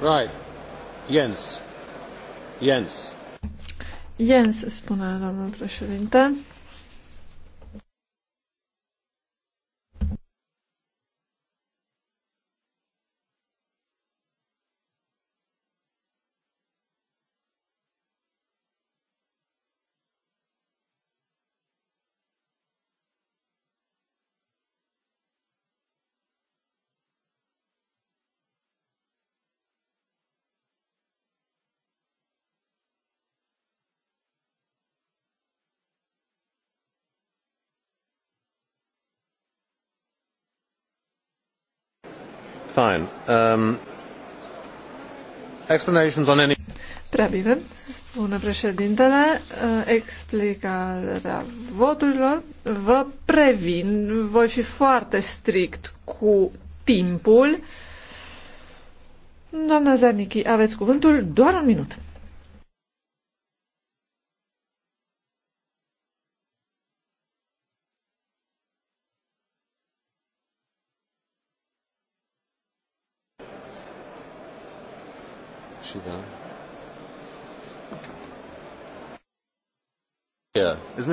Right. Jens. Jens. Jens, spune domnul președinte. Fine. Um, spune președintele, uh, explicarea voturilor. Vă previn, voi fi foarte strict cu timpul. Doamna Zanichi, aveți cuvântul doar un minut. și da. Yeah.